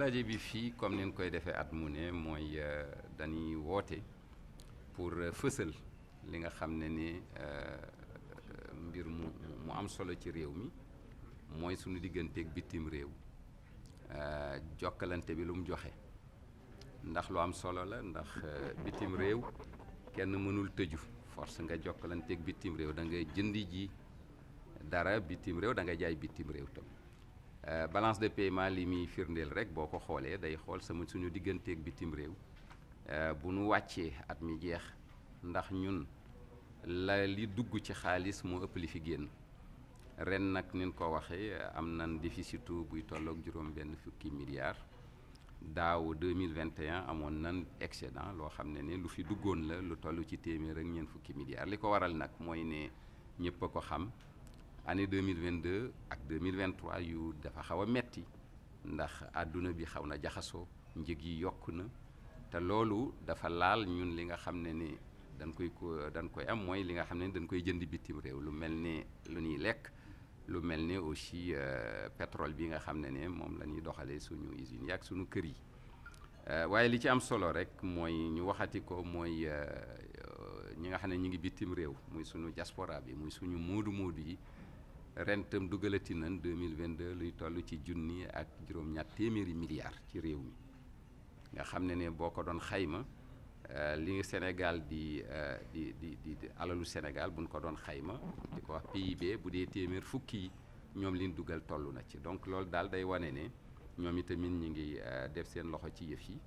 ndaje bi fii comme ni ñu koy defee at mu ne mooy euh, dañuy woote pour euh, fësal li nga xam ne ni euh, mbir mu mu am solo ci réew mi mooy suñu digganteeg bitim réew jokkalante bi lu joxe ndax lu am solo la ndax bitim réew kenn mënul tëju force nga jokkalanteeg bitim réew da ngay jënd ji dara bitim réew da ngay jaay bitim réew tam Euh, balance de paiement li muy firndeel rek boo ko xoolee day xool sama suñu digganteeg bitim réew euh, bu nu wàccee at mi jeex ndax ñun la li dugg ci xaalis moo ëpp li fi génn ren nag nin ko waxee am nan déficitu buy tolloog juróom benn fukki milliards daaw 2021 amoon nan excédent loo xam ne ni lu fi duggoon la lu toll ci téeméer ak ñeent fukki milliards li ko waral nag mooy ne ñëpp a ko xam anne deux mille vingt deux ak deux mille vingt trois yu dafa xaw a metti ndax àdduna bi xaw na jaxasoo njëg yi yokk na te loolu dafa laal ñun li nga xam ne ni dañ koy ko dañ koy am mooy li nga xam ne dañ koy jënd bitim réew lu mel ni lu ñuy lekk lu mel ni aussi euh, pétrole bi nga xam ne ne moom la ñuy doxalee suñu usines yi ak suñu kër yi euh, waaye li ci am solo rek mooy ñu waxati ko mooy euh, ñi nga xam ne ñu ngi bitim réew muy suñu diaspora bi muy suñu moodu moodu yi ren tam dugalati nan deux mille vingt deux luy toll ci junni ak juróom-ñaar téeméeri milliards ci réew mi nga xam ne ne boo ko doon xayma euh, li Sénégal euh, di di di di alalu Sénégal buñ ko doon xayma di ko wax PIB bu dee téeméer fukki yi ñoom liñ dugal toll na ci donc loolu daal day wane ne ñoom itamit ñi ngi euh, def seen loxo ci yëf yi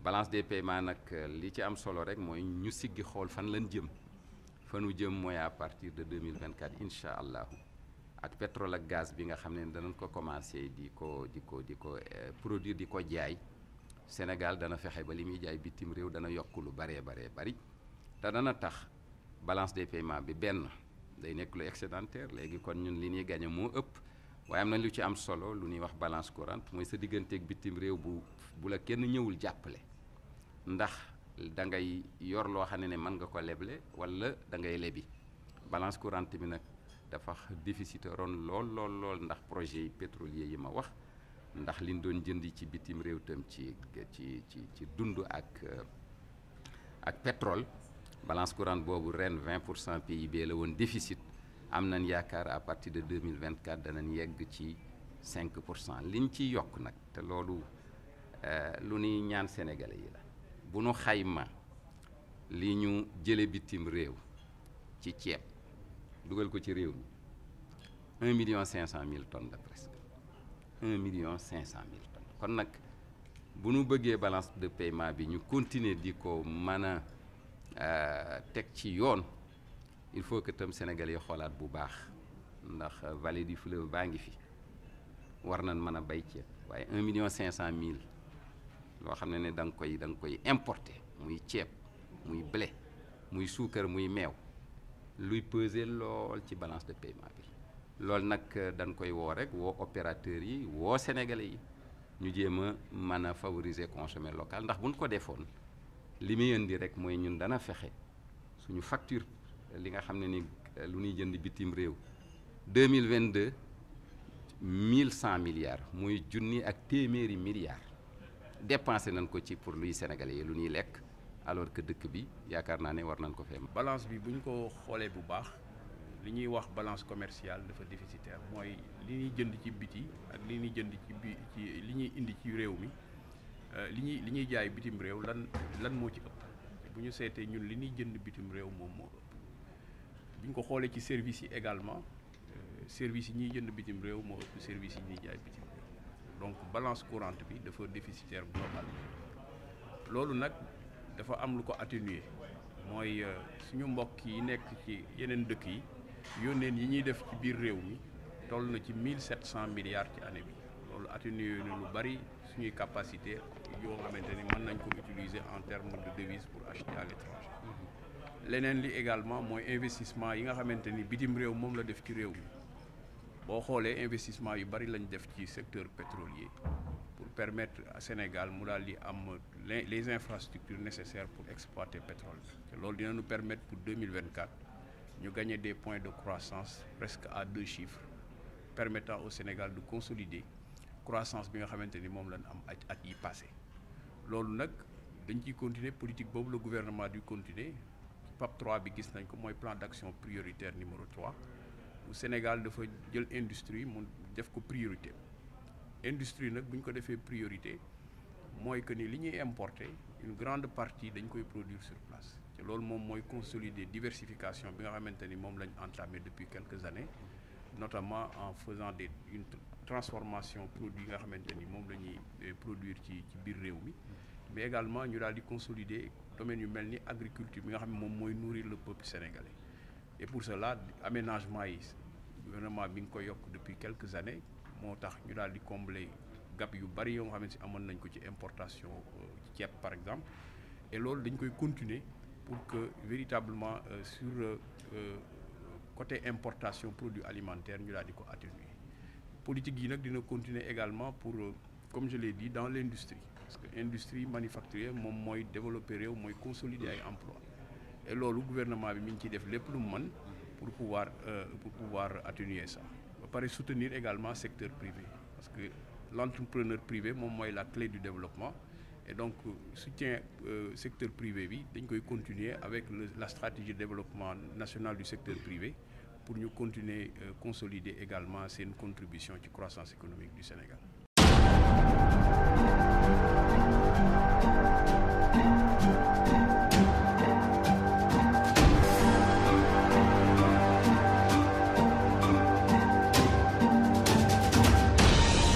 balance de paiements nag li ci am solo rek mooy ñu siggi xool fan lañ jëm fanu jëm mooy à partir de 2024 incha allahu ak pétrole ak gaz bi nga xam ne danañ ko commencé di ko di ko di ko euh, produire di ko jaay Sénégal dana fexe ba li muy jaay bitim réew dana yokk lu baree baree bari te dana tax balance des paiements bi benn day nekk lu excédentaire léegi kon ñun li ñuy gagné moo ëpp waaye am na lu ci am solo lu ñuy wax balance courante mooy sa digganteeg bitim réew bu bu la kenn ñëwul jàppale ndax da ngay yor loo xam ne ne mën nga ko leble walla da ngay lebi balance courante bi nag. dafa déficitaroon lool lool lool ndax projet yi pétrolier yi ma wax ndax liñ doon jënd ci bitim réew tam ci ci ci ci dund ak euh, ak pétrole balance courante boobu ren 20 pour cent PIB la woon déficit am nañ yaakaar à partir de 2024 danañ yegg ci 5 pour cent liñ ci yokk nag te loolu euh, lu ñuy ñaan sénégalais yi la bu nu xayma li ñu jële bitim réew ci ceeb dugal ko ci réew mi un million cinq cent mille tonnes la presque un million cinq cent mille tonnes kon nag bu nu bëggee balance de paiement bi ñu continuer di ko mën a euh, teg ci yoon il faut que tam Sénégal yi xoolaat bu baax ndax vallée du fleuve baa ngi fi war nañ mën a bay ceeb waaye un million cinq cent mille loo xam ne ne da koy da koy importer muy ceeb muy blé muy suukar muy meew luy peser lool ci balance de paiement bi loolu nag euh, dañ koy woo rek woo opérateurs yi woo sénégalais yi ñu jéem a mën a favoriser consommer local ndax buñ ko defoon li di rek mooy ñun dana fexe suñu facture li nga xam ne ni euh, lu ñuy jënd bitim réew deux mille vingt deux mille cent milliards muy junni ak téeméeri milliards dépensé nañ ko ci pour luy sénégalais yi lu ñuy lekk. alors que dëkk bi yaakaar naa ne war nañ ko fee. balance bi bu ñu ko xoolee bu baax li ñuy wax balance commercial dafa déficitaire mooy li ñuy jënd ci biti ak li ñuy jënd ci bi ci li ñuy indi ci réew mi euh, li ñuy li ñuy jaay bitim réew lan lan moo ci ëpp bu ñu seetee ñun li ñuy jënd bitim réew moom moo ëpp bu ñu ko xoolee ci service yi également euh, service yi ñuy jënd bitim réew moo ëpp service yi ñuy jaay bitim réew donc balance courante bi dafa déficitaire global loolu nag. dafa am lu ko atténuer mooy euh, suñu mbokk yi nekk ci yeneen dëkk yi yónneen yi ñuy def ci biir réew mi toll na ci mille sept cent milliards ci année bi loolu atténuer na lu bari suñuy capacité yoo xamante ni mën nañ ko utiliser en termes de devises pour acheter à l'étranger mm-hmm. leneen li également mooy investissement yi nga xamante ni bitim réew moom la def ci réew mi boo xoolee investissement yu bari lañ def ci secteur pétrolier permettre Sénégal mu daal di am les infrastructures nécessaires pour exploiter pétrole te loolu dina ñu permettre pour 2024 ñu gagner des point de croissance presque à deux chiffres permettant au Sénégal de consolider croissance bi nga xamante ni moom lañ am at at yi passé loolu nag dañ ciy continuer politique boobu la gouvernement du continuer PAP 3 bi gis nañ ko mooy plan d'action prioritaire numéro 3 bu Sénégal dafa jël industrie mu def ko priorité industrie nag bu ñu ko defee priorité mooy que ni li ñuy importer une grande partie dañ koy produire sur place te loolu moom mooy consolider diversification bi nga xamante ni moom lañ entamé depuis quelques années notamment en faisant des une transformation produit yi nga xamante ni moom la ñuy eh, produire ci ci biir réew mi mais également ñu daal di consolider domaine yu mel ni agriculture bi nga xam ne moom mooy nourrir le peuple sénégalais et pour cela aménagement yi gouvernement bi nga ko yokk depuis quelque années moo tax ñu daal di combler gap yu bari yoo xam ne si amoon nañ ko ci importation euh, ceeb par exemple et loolu dañ koy continuer pour que véritablement euh, sur euh, euh, côté importation produits alimentaire ñu daal di ko atténuer politique yi nag dina continuer également pour comme je l'ai dit dans l'industrie parce que industrie manufacturière moom mooy développer réew mooy consolider ay emploi et loolu gouvernement bi mi ngi ciy def lépp lu mu man pour pouvoir pour pouvoir atténuer ça ba pare soutenir également secteur privé parce que l'entrepreneur privé moom mooy la clé du développement et donc euh, soutien euh, secteur privé bi dañ koy continuer avec le, la stratégie de développement national du secteur privé pour ñu continuer euh, consolider également seen contribution ci croissance économique du Sénégal